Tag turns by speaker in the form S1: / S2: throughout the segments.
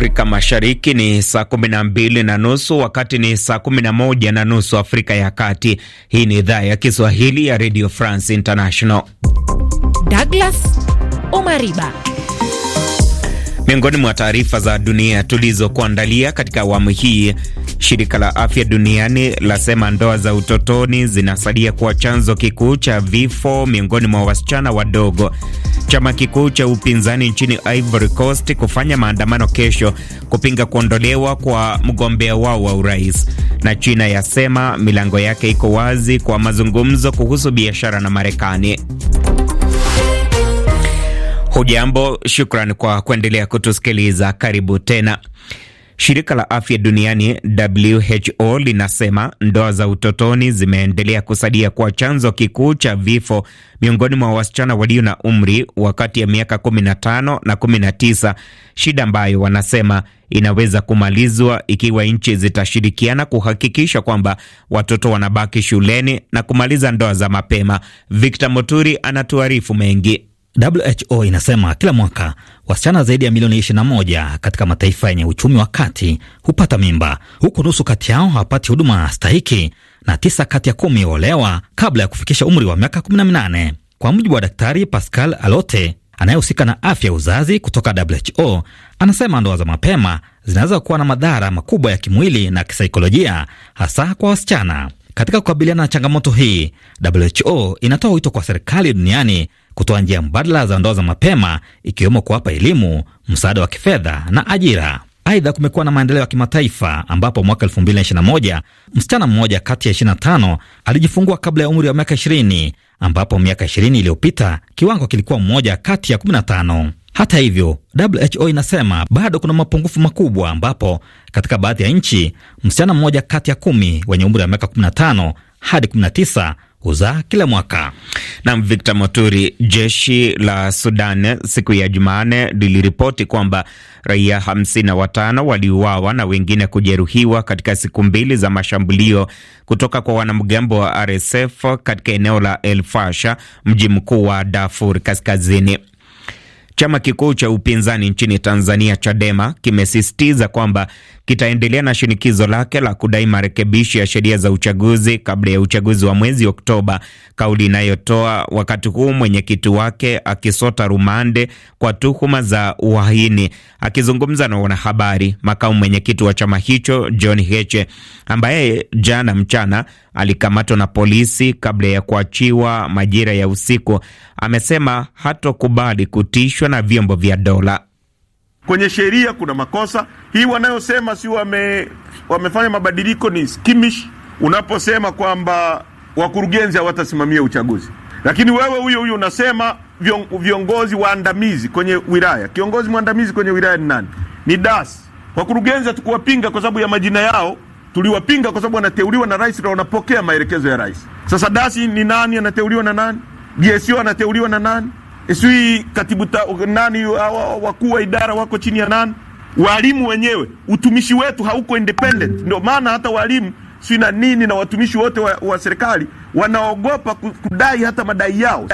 S1: Afrika Mashariki ni saa kumi na mbili na nusu wakati ni saa kumi na moja na nusu Afrika ya Kati. Hii ni idhaa ya Kiswahili ya Radio France International. Douglas Omariba miongoni mwa taarifa za dunia tulizokuandalia katika awamu hii. Shirika la afya duniani lasema ndoa za utotoni zinasalia kuwa chanzo kikuu cha vifo miongoni mwa wasichana wadogo chama kikuu cha upinzani nchini Ivory Coast kufanya maandamano kesho kupinga kuondolewa kwa mgombea wao wa urais. Na China yasema milango yake iko wazi kwa mazungumzo kuhusu biashara na Marekani. Hujambo, shukran kwa kuendelea kutusikiliza. Karibu tena. Shirika la afya duniani WHO linasema ndoa za utotoni zimeendelea kusadia kwa chanzo kikuu cha vifo miongoni mwa wasichana walio na umri wa kati ya miaka 15 na 19, shida ambayo wanasema inaweza kumalizwa ikiwa nchi zitashirikiana kuhakikisha kwamba watoto wanabaki shuleni na kumaliza ndoa za mapema. Victor Moturi anatuarifu mengi. WHO inasema kila mwaka wasichana zaidi ya milioni 21 katika mataifa yenye uchumi wa kati hupata mimba, huku nusu kati yao hawapati huduma stahiki na tisa kati ya kumi huolewa kabla ya kufikisha umri wa miaka 18. Kwa mujibu wa Daktari Pascal Alote anayehusika na afya ya uzazi kutoka WHO, anasema ndoa za mapema zinaweza kuwa na madhara makubwa ya kimwili na kisaikolojia, hasa kwa wasichana. Katika kukabiliana na changamoto hii, WHO inatoa wito kwa serikali duniani kutoa njia mbadala za ndoa za mapema ikiwemo kuwapa elimu, msaada wa kifedha na ajira. Aidha, kumekuwa na maendeleo ya kimataifa ambapo mwaka 2021 msichana mmoja kati ya 25 alijifungua kabla ya umri wa miaka 20 ambapo miaka 20 iliyopita kiwango kilikuwa mmoja kati ya 15. Hata hivyo, WHO inasema bado kuna mapungufu makubwa ambapo katika baadhi ya nchi msichana mmoja kati ya kumi wenye umri wa miaka 15 hadi 19 kuzaa kila mwaka. Nam Victor Moturi. Jeshi la Sudan siku ya Jumanne liliripoti kwamba raia hamsini na watano waliuawa na wengine kujeruhiwa katika siku mbili za mashambulio kutoka kwa wanamgambo wa RSF katika eneo la El Fasha, mji mkuu wa Darfur Kaskazini. Chama kikuu cha upinzani nchini Tanzania, Chadema, kimesisitiza kwamba kitaendelea na shinikizo lake la kudai marekebisho ya sheria za uchaguzi kabla ya uchaguzi wa mwezi Oktoba, kauli inayotoa wakati huu mwenyekiti wake akisota rumande kwa tuhuma za uhaini. Akizungumza na wanahabari, makamu mwenyekiti wa chama hicho John Heche ambaye jana mchana alikamatwa na polisi kabla ya kuachiwa majira ya usiku, amesema hatokubali kutishwa na vyombo vya dola. Kwenye sheria kuna makosa hii, wanayosema si wame, wamefanya mabadiliko ni skimish, unaposema kwamba wakurugenzi hawatasimamia uchaguzi, lakini wewe huyo huyo unasema viongozi waandamizi kwenye wilaya. Kiongozi mwandamizi kwenye wilaya ni nani? Ni DAS. Wakurugenzi hatukuwapinga kwa sababu ya majina yao, tuliwapinga kwa sababu wanateuliwa na rais na wanapokea maelekezo ya rais. Sasa dasi ni nani? Anateuliwa na nani? DSO anateuliwa na nani? sijui katibu nani, wakuu wa idara wako chini ya nani, walimu wenyewe. Utumishi wetu hauko independent, ndio maana hata walimu sui na nini na watumishi wote wa, wa serikali wanaogopa kudai hata madai yao.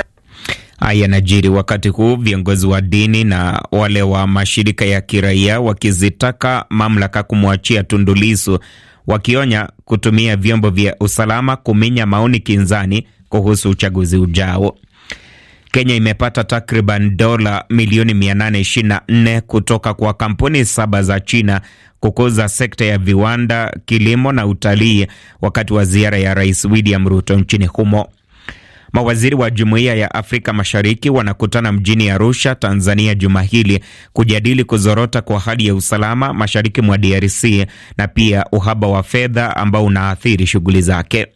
S1: Haya yanajiri wakati huu viongozi wa dini na wale wa mashirika ya kiraia wakizitaka mamlaka kumwachia Tundu Lissu, wakionya kutumia vyombo vya usalama kuminya maoni kinzani kuhusu uchaguzi ujao. Kenya imepata takriban dola milioni 824 kutoka kwa kampuni saba za China kukuza sekta ya viwanda, kilimo na utalii wakati wa ziara ya Rais William Ruto nchini humo. Mawaziri wa Jumuiya ya Afrika Mashariki wanakutana mjini Arusha, Tanzania, juma hili kujadili kuzorota kwa hali ya usalama mashariki mwa DRC na pia uhaba wa fedha ambao unaathiri shughuli zake.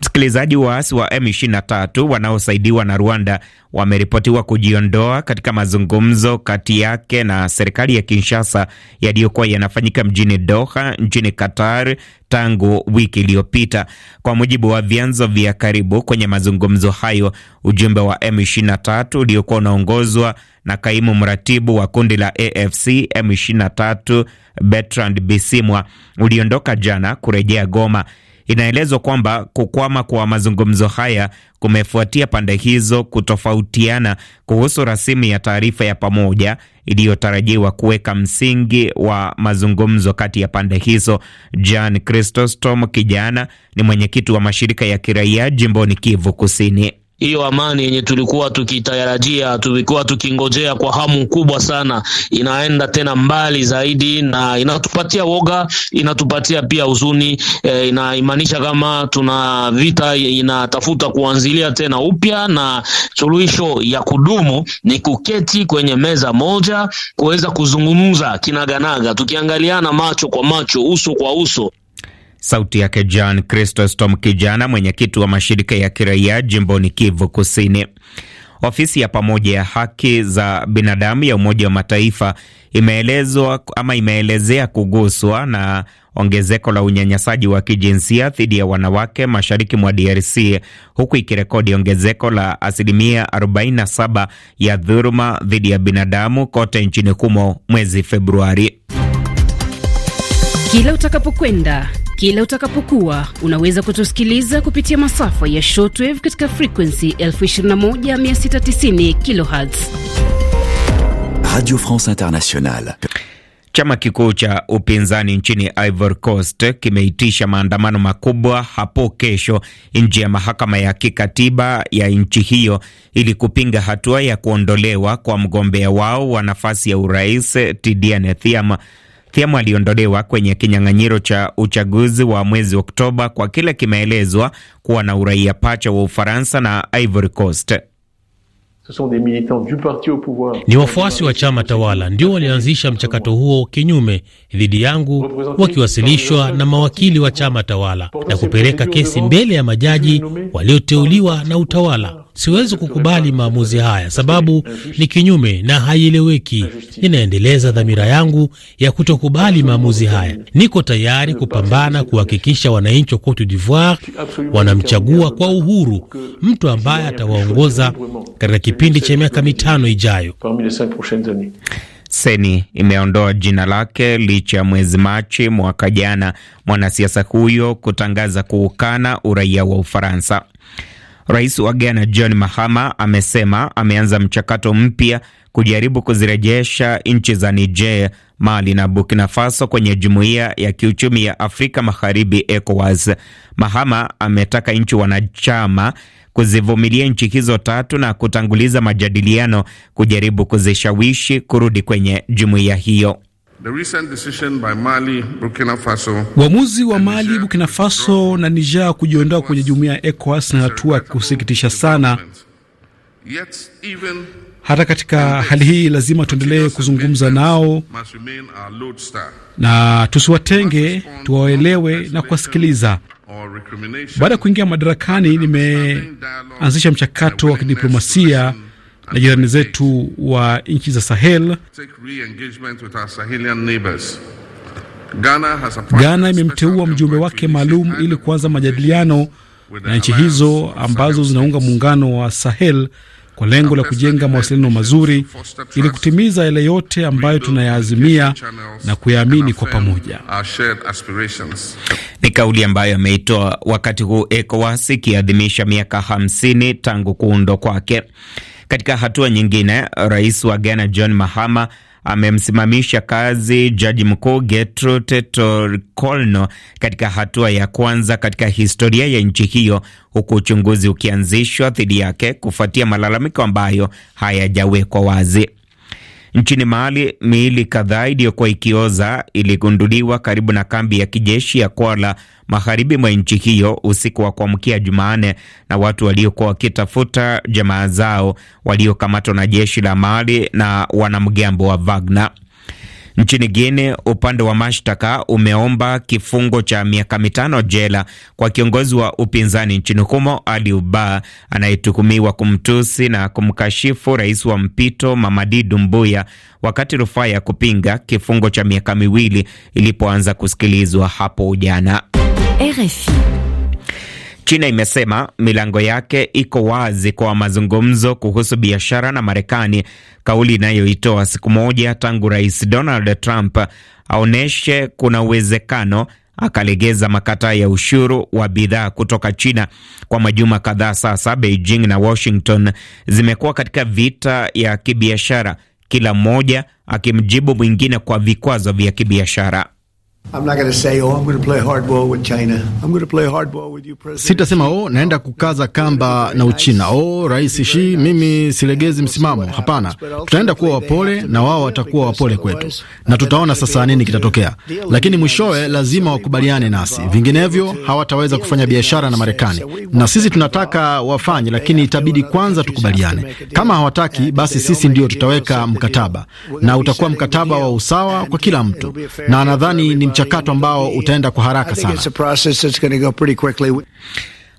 S1: Msikilizaji, waasi wa M23 wanaosaidiwa na Rwanda wameripotiwa kujiondoa katika mazungumzo kati yake na serikali ya Kinshasa yaliyokuwa yanafanyika mjini Doha nchini Qatar tangu wiki iliyopita. Kwa mujibu wa vyanzo vya karibu kwenye mazungumzo hayo, ujumbe wa M23 uliokuwa unaongozwa na kaimu mratibu wa kundi la AFC M23 Bertrand Bisimwa uliondoka jana kurejea Goma. Inaelezwa kwamba kukwama kwa mazungumzo haya kumefuatia pande hizo kutofautiana kuhusu rasimu ya taarifa ya pamoja iliyotarajiwa kuweka msingi wa mazungumzo kati ya pande hizo. Jan Christostom Kijana ni mwenyekiti wa mashirika ya kiraia jimboni Kivu Kusini hiyo amani yenye tulikuwa tukitarajia, tulikuwa tukingojea kwa hamu kubwa sana, inaenda tena mbali zaidi, na inatupatia woga, inatupatia pia huzuni e, inaimaanisha kama tuna vita inatafuta kuanzilia tena upya, na suluhisho ya kudumu ni kuketi kwenye meza moja, kuweza kuzungumza kinaganaga, tukiangaliana macho kwa macho, uso kwa uso. Sauti yake John Chrysostom Kijana, mwenyekiti wa mashirika ya kiraia jimboni Kivu Kusini. Ofisi ya pamoja ya haki za binadamu ya Umoja wa Mataifa imeelezwa ama imeelezea kuguswa na ongezeko la unyanyasaji wa kijinsia dhidi ya wanawake mashariki mwa DRC huku ikirekodi ongezeko la asilimia 47 ya dhuruma dhidi ya binadamu kote nchini humo mwezi Februari. Kila utakapokwenda kila utakapokuwa unaweza kutusikiliza kupitia masafa ya shortwave katika frekuensi 21690 kHz. Radio France Internationale. Chama kikuu cha upinzani nchini Ivory Coast kimeitisha maandamano makubwa hapo kesho nje ya mahakama ya kikatiba ya nchi hiyo ili kupinga hatua ya kuondolewa kwa mgombea wao wa nafasi ya urais Tidiane Thiam Thiamu aliondolewa kwenye kinyang'anyiro cha uchaguzi wa mwezi Oktoba kwa kile kimeelezwa kuwa na uraia pacha wa Ufaransa na Ivory Coast. Ni wafuasi wa chama tawala ndio walianzisha mchakato huo kinyume dhidi yangu, wakiwasilishwa na mawakili wa chama tawala na kupeleka kesi mbele ya majaji walioteuliwa na utawala. Siwezi kukubali maamuzi haya, sababu ni kinyume na haieleweki. Ninaendeleza dhamira yangu ya kutokubali maamuzi haya. Niko tayari kupambana kuhakikisha wananchi wa Cote d'Ivoire wanamchagua kwa uhuru mtu ambaye atawaongoza katika kipindi cha miaka mitano ijayo. Seni imeondoa jina lake licha ya mwezi Machi mwaka jana mwanasiasa huyo kutangaza kuukana uraia wa Ufaransa. Rais wa Ghana John Mahama amesema ameanza mchakato mpya kujaribu kuzirejesha nchi za Niger, Mali na Burkina Faso kwenye jumuiya ya kiuchumi ya Afrika Magharibi, ECOWAS. Mahama ametaka nchi wanachama kuzivumilia nchi hizo tatu na kutanguliza majadiliano kujaribu kuzishawishi kurudi kwenye jumuiya hiyo. Uamuzi wa Mali, Burkina Faso na Niger kujiondoa kwenye jumuiya ya ECOWAS ni hatua ya kusikitisha sana. Hata katika hali hii, lazima tuendelee kuzungumza nao na tusiwatenge, tuwaelewe na kuwasikiliza. Baada ya kuingia madarakani, nimeanzisha mchakato wa kidiplomasia na jirani zetu wa nchi za Sahel. Ghana imemteua mjumbe wake maalum ili kuanza majadiliano na nchi hizo ambazo zinaunga muungano wa Sahel kwa lengo la kujenga mawasiliano mazuri ili kutimiza yale yote ambayo tunayaazimia na kuyaamini kwa pamoja. Ni kauli ambayo ameitoa wakati huu ECOWAS ikiadhimisha miaka 50 tangu kuundwa kwake. Katika hatua nyingine, rais wa Ghana John Mahama amemsimamisha kazi jaji mkuu getrute Torkornoo katika hatua ya kwanza katika historia ya nchi hiyo, huku uchunguzi ukianzishwa dhidi yake kufuatia malalamiko ambayo hayajawekwa wazi. Nchini Mali, miili kadhaa iliyokuwa ikioza iligunduliwa karibu na kambi ya kijeshi ya Kwala magharibi mwa nchi hiyo usiku wa kuamkia Jumanne na watu waliokuwa wakitafuta jamaa zao waliokamatwa na jeshi la Mali na wanamgambo wa Wagner. Nchini gine upande wa mashtaka umeomba kifungo cha miaka mitano jela kwa kiongozi wa upinzani nchini humo Ali Uba anayetuhumiwa kumtusi na kumkashifu rais wa mpito Mamadi Dumbuya wakati rufaa ya kupinga kifungo cha miaka miwili ilipoanza kusikilizwa hapo jana. RFI China imesema milango yake iko wazi kwa mazungumzo kuhusu biashara na Marekani, kauli inayoitoa siku moja tangu Rais Donald Trump aonyeshe kuna uwezekano akalegeza makataa ya ushuru wa bidhaa kutoka China. Kwa majuma kadhaa sasa, Beijing na Washington zimekuwa katika vita ya kibiashara, kila mmoja akimjibu mwingine kwa vikwazo vya kibiashara. Oh, Sitasema oh, naenda kukaza kamba na Uchina. Oh, Rais Shi, mimi silegezi msimamo. Hapana, tutaenda kuwa wapole na wao watakuwa wapole kwetu, na tutaona sasa nini kitatokea, lakini mwishowe lazima wakubaliane nasi, vinginevyo hawataweza kufanya biashara na Marekani. Na sisi tunataka wafanye, lakini itabidi kwanza tukubaliane. Kama hawataki, basi sisi ndio tutaweka mkataba, na utakuwa mkataba wa usawa kwa kila mtu, na nadhani ni mchakato ambao utaenda kwa haraka sana.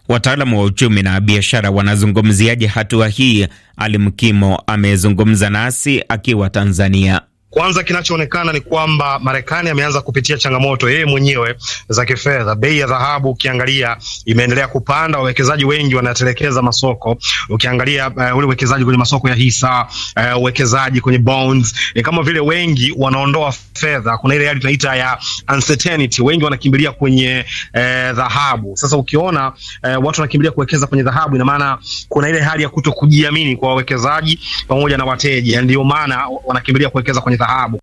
S1: Wataalamu wa uchumi na biashara wanazungumziaje hatua wa hii? Alimkimo amezungumza nasi akiwa Tanzania. Kwanza, kinachoonekana ni kwamba Marekani ameanza kupitia changamoto yeye mwenyewe za kifedha. Bei ya dhahabu ukiangalia imeendelea kupanda, wawekezaji wengi wanatelekeza masoko. Ukiangalia uh, ule uwekezaji kwenye masoko ya hisa, eh, uwekezaji uh, kwenye bonds, ni kama vile wengi wanaondoa fedha. Kuna ile hali tunaita ya uncertainty, wengi wanakimbilia kwenye eh, dhahabu uh, Sasa ukiona uh, watu wanakimbilia kuwekeza kwenye dhahabu, ina maana kuna ile hali ya kutokujiamini kwa wawekezaji pamoja na wateja, ndio maana wanakimbilia kuwekeza kwenye dhahabu.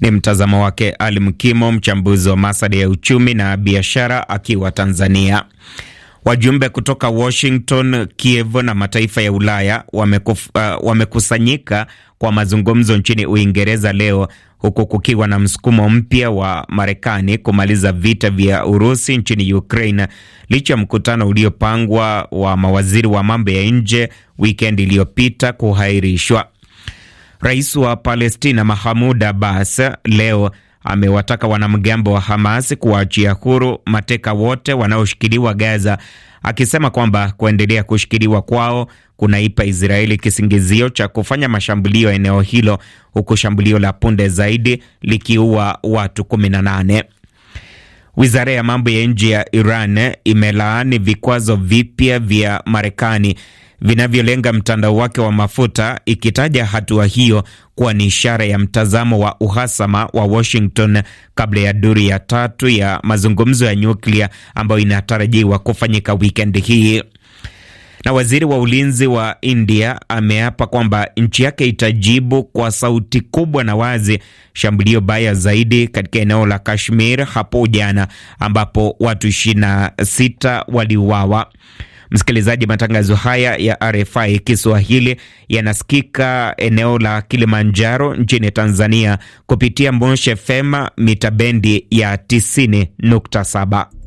S1: Ni mtazamo wake Ali Mkimo, mchambuzi wa masuala ya uchumi na biashara, akiwa Tanzania. Wajumbe kutoka Washington, Kiev na mataifa ya Ulaya wamekuf, uh, wamekusanyika kwa mazungumzo nchini Uingereza leo huku kukiwa na msukumo mpya wa Marekani kumaliza vita vya Urusi nchini Ukraine licha ya mkutano uliopangwa wa mawaziri wa mambo ya nje wikendi iliyopita kuhairishwa. Rais wa Palestina mahamud Abbas leo amewataka wanamgambo wa Hamas kuwaachia huru mateka wote wanaoshikiliwa Gaza, akisema kwamba kuendelea kushikiliwa kwao kunaipa Israeli kisingizio cha kufanya mashambulio eneo hilo, huku shambulio la punde zaidi likiua watu 18. Wizara ya mambo ya nje ya Iran imelaani vikwazo vipya vya Marekani vinavyolenga mtandao wake wa mafuta, ikitaja hatua hiyo kuwa ni ishara ya mtazamo wa uhasama wa Washington kabla ya duri ya tatu ya mazungumzo ya nyuklia ambayo inatarajiwa kufanyika wikendi hii. Na waziri wa ulinzi wa India ameapa kwamba nchi yake itajibu kwa sauti kubwa na wazi shambulio baya zaidi katika eneo la Kashmir hapo jana ambapo watu 26 waliuawa. Msikilizaji, matangazo haya ya RFI Kiswahili yanasikika eneo la Kilimanjaro nchini Tanzania kupitia Mosh FM mita bendi ya 90.7.